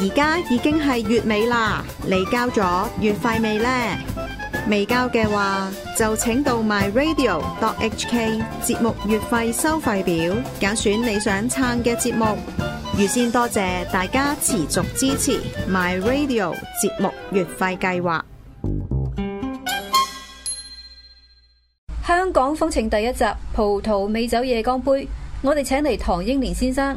而家已經係月尾啦，你交咗月費未呢？未交嘅話，就請到 MyRadio.HK 節目月費收費表，揀選你想撐嘅節目。預先多謝大家持續支持 MyRadio 節目月費計劃。香港風情第一集《葡萄美酒夜光杯》，我哋請嚟唐英年先生。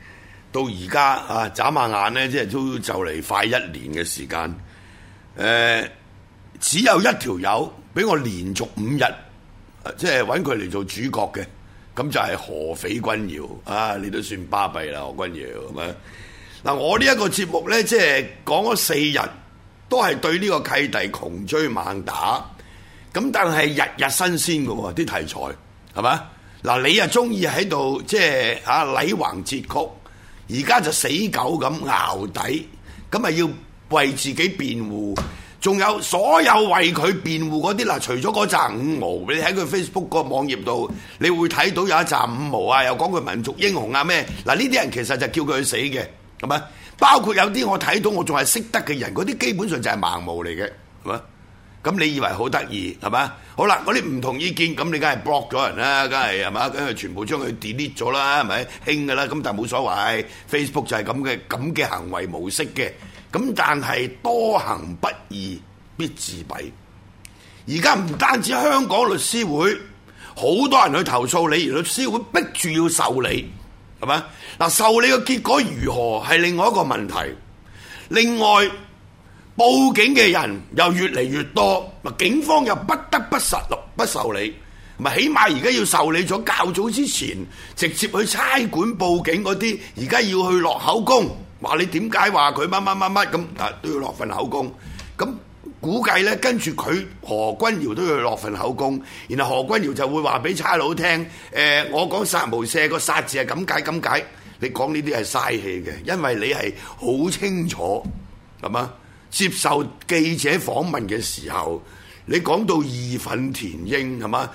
到而家啊眨下眼咧，即係都就嚟快一年嘅時間。誒、呃，只有一條友俾我連續五日，啊、即係揾佢嚟做主角嘅，咁就係何匪君堯啊！你都算巴閉啦，何君堯咁樣。嗱、啊，我呢一個節目咧，即係講咗四日，都係對呢個契弟窮追猛打。咁但係日日新鮮嘅喎，啲題材係嘛？嗱、啊，你又中意喺度即係啊，禮橫節曲。而家就死狗咁咬底，咁咪要為自己辯護？仲有所有為佢辯護嗰啲嗱，除咗嗰紮五毛，你喺佢 Facebook 個網頁度，你會睇到有一紮五毛啊，又講佢民族英雄啊咩？嗱，呢啲人其實就叫佢去死嘅，係咪？包括有啲我睇到我仲係識得嘅人，嗰啲基本上就係盲毛嚟嘅，係咪？咁你以為好得意係嘛？好啦，嗰啲唔同意見，咁你梗係 block 咗人啦，梗係係嘛，梗係全部將佢 delete 咗啦，係咪？輕㗎啦，咁但係冇所謂。Facebook 就係咁嘅咁嘅行為模式嘅，咁但係多行不義必自斃。而家唔單止香港律師會，好多人去投訴你，而律師會逼住要受理係嘛？嗱，受理嘅結果如何係另外一個問題。另外。報警嘅人又越嚟越多，咪警方又不得不實錄、不受理。咪起碼而家要受理咗較早之前直接去差館報警嗰啲，而家要去落口供，話你點解話佢乜乜乜乜咁，嗱都要落份口供。咁估計呢，跟住佢何君堯都要落份口供，然後何君堯就會話俾差佬聽：誒，我講殺無赦個殺字係咁解咁解，你講呢啲係嘥氣嘅，因為你係好清楚，係嘛？接受記者訪問嘅時候，你講到義憤填膺係嘛？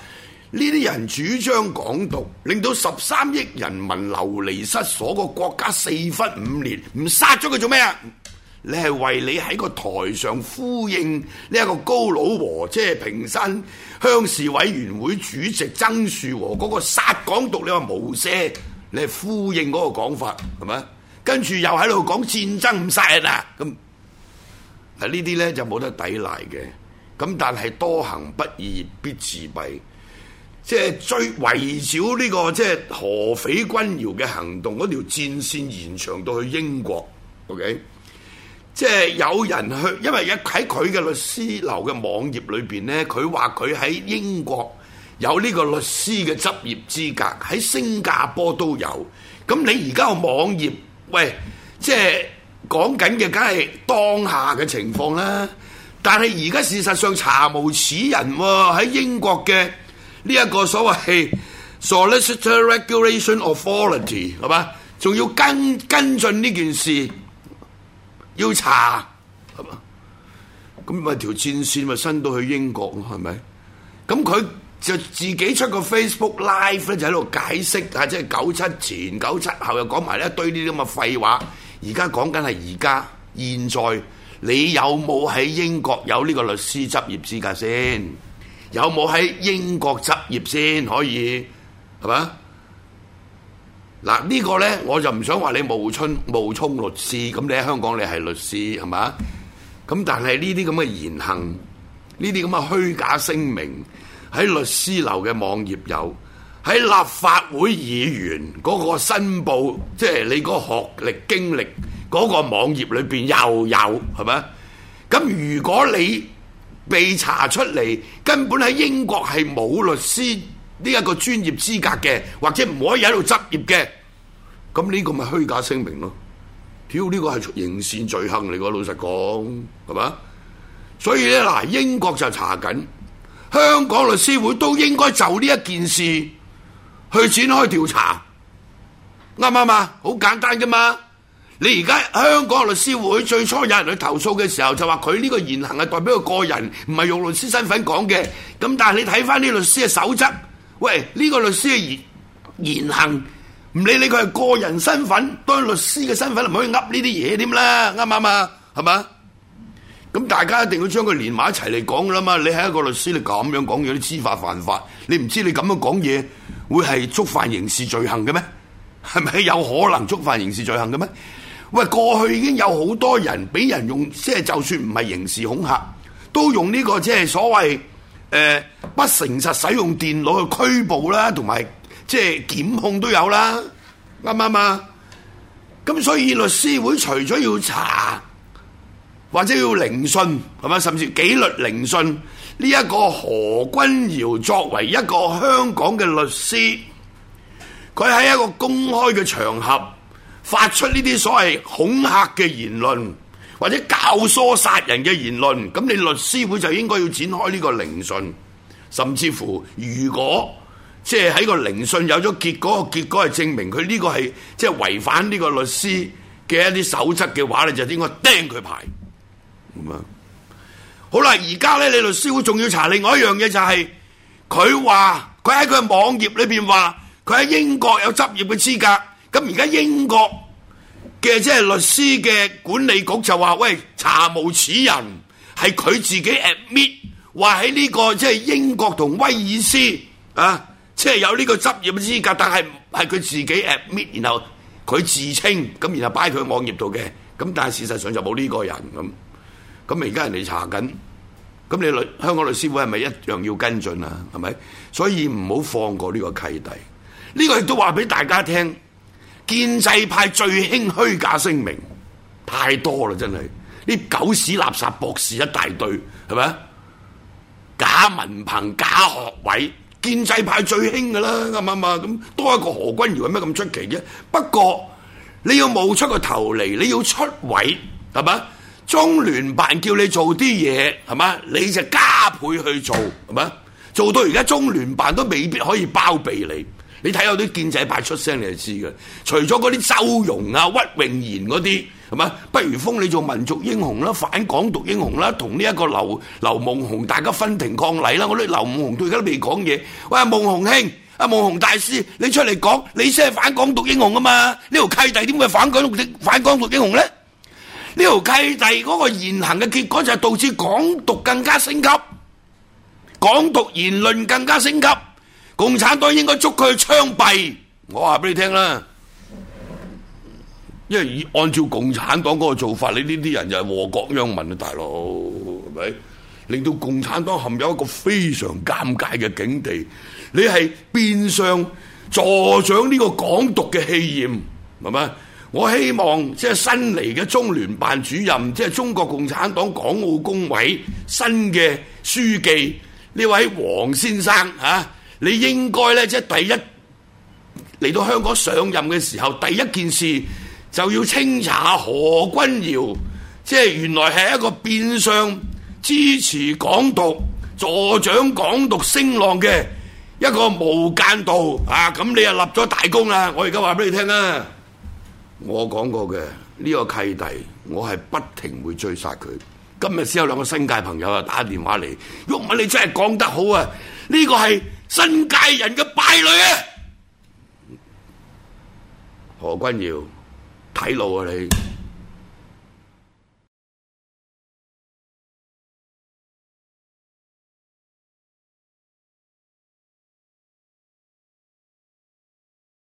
呢啲人主張港獨，令到十三億人民流離失所，個國家四分五裂，唔殺咗佢做咩啊？你係為你喺個台上呼應呢一個高佬和，即係屏山鄉事委員會主席曾樹和嗰個殺港獨你話無赦，你係呼應嗰個講法係嘛？跟住又喺度講戰爭唔殺人啊咁。啊！呢啲咧就冇得抵賴嘅，咁但係多行不義必自斃，即係最圍繞呢、這個即係何匪君堯嘅行動嗰條戰線延長到去英國，OK？即係有人去，因為一喺佢嘅律師樓嘅網頁裏邊咧，佢話佢喺英國有呢個律師嘅執業資格，喺新加坡都有。咁你而家個網頁，喂，即係。講緊嘅梗係當下嘅情況啦，但係而家事實上查無此人喎，喺英國嘅呢一個所謂 Solicitor Regulation Authority，係嘛？仲要跟跟進呢件事，要查係嘛？咁咪條戰線咪伸到去英國咯？係咪？咁佢就自己出個 Facebook Live 咧，就喺度解釋啊，即係九七前九七後又講埋一堆呢啲咁嘅廢話。而家講緊係而家現在，你有冇喺英國有呢個律師執業資格先？有冇喺英國執業先可以係嘛？嗱，呢個呢，我就唔想話你冒充冒充律師，咁你喺香港你係律師係嘛？咁但係呢啲咁嘅言行，呢啲咁嘅虛假聲明喺律師樓嘅網頁有。喺立法會議員嗰個申報，即係你個學歷經歷嗰個網頁裏邊又有係咪？咁如果你被查出嚟，根本喺英國係冇律師呢一個專業資格嘅，或者唔可以喺度執業嘅，咁呢個咪虛假聲明咯？屌，呢個係刑事罪行嚟嘅，老實講係咪啊？所以咧嗱，英國就查緊，香港律師會都應該就呢一件事。去展開調查，啱唔啱啊？好簡單噶嘛！你而家香港律師會最初有人去投訴嘅時候，就話佢呢個言行係代表佢個人，唔係用律師身份講嘅。咁但係你睇翻啲律師嘅守則，喂，呢個律師嘅言、言行，唔理你佢係個人身份當律師嘅身份，唔可以噏呢啲嘢添啦，啱唔啱啊？係嘛？咁大家一定要將佢連埋一齊嚟講㗎啦嘛！你係一個律師，你咁樣講嘢，啲知法犯法，你唔知你咁樣講嘢會係觸犯刑事罪行嘅咩？係咪有可能觸犯刑事罪行嘅咩？喂，過去已經有好多人俾人用，即係就算唔係刑事恐嚇，都用呢、這個即係所謂誒、呃、不誠實使用電腦去拘捕啦，同埋即係檢控都有啦，啱唔啱啊？咁所以律師會除咗要查。或者要聆訊，係嘛？甚至紀律聆訊。呢一個何君堯作為一個香港嘅律師，佢喺一個公開嘅場合發出呢啲所謂恐嚇嘅言論，或者教唆殺人嘅言論，咁你律師會就應該要展開呢個聆訊，甚至乎如果即係喺個聆訊有咗結果，個結果係證明佢呢個係即係違反呢個律師嘅一啲守則嘅話，你就應該釘佢牌。咁樣好啦，而家咧，你律師會仲要查另外一樣嘢，就係佢話佢喺佢嘅網頁裏邊話佢喺英國有執業嘅資格。咁而家英國嘅即係律師嘅管理局就話喂，查無此人，係佢自己 admit 話喺呢個即係英國同威爾斯啊，即係有呢個執業嘅資格，但係係佢自己 admit，然後佢自稱咁，然後擺佢網頁度嘅，咁但係事實上就冇呢個人咁。咁而家人哋查緊，咁你律香港律師會係咪一樣要跟進啊？係咪？所以唔好放過呢個契弟。呢個亦都話俾大家聽，建制派最興虛假聲明，太多啦，真係啲狗屎垃圾博士一大堆，係咪？假文憑、假學位，建制派最興噶啦，咁啊咁多一個何君堯，有咩咁出奇啫？不過你要冒出個頭嚟，你要出位，係咪？中聯辦叫你做啲嘢係嘛，你就加倍去做係嘛？做到而家中聯辦都未必可以包庇你。你睇下啲建制派出聲你就知㗎。除咗嗰啲周融啊、屈穎妍嗰啲係嘛，不如封你做民族英雄啦、反港獨英雄啦。同呢一個劉劉夢熊大家分庭抗禮啦。我啲劉夢熊到而家都未講嘢。喂，夢熊兄、阿、啊、夢熊大師，你出嚟講，你先係反港獨英雄啊嘛？呢條契弟點會反港獨反港獨英雄咧？呢條契弟嗰個言行嘅結果就導致港獨更加升級，港獨言論更加升級，共產黨應該捉佢去槍斃。我話俾你聽啦，因為以按照共產黨嗰個做法，你呢啲人就係禍國殃民啊，大佬，係咪？令到共產黨陷入一個非常尷尬嘅境地，你係變相助長呢個港獨嘅氣焰，係咪？我希望即係新嚟嘅中聯辦主任，即係中國共產黨港澳工委新嘅書記呢位王先生啊，你應該呢，即係第一嚟到香港上任嘅時候，第一件事就要清查何君堯，即係原來係一個變相支持港獨、助長港獨聲浪嘅一個無間道啊！咁你又立咗大功啦！我而家話俾你聽啊！我講過嘅呢個契弟，我係不停會追殺佢。今日先有兩個新界朋友啊，打電話嚟，毓民你真係講得好啊！呢個係新界人嘅敗類啊！何君堯，睇路啊你！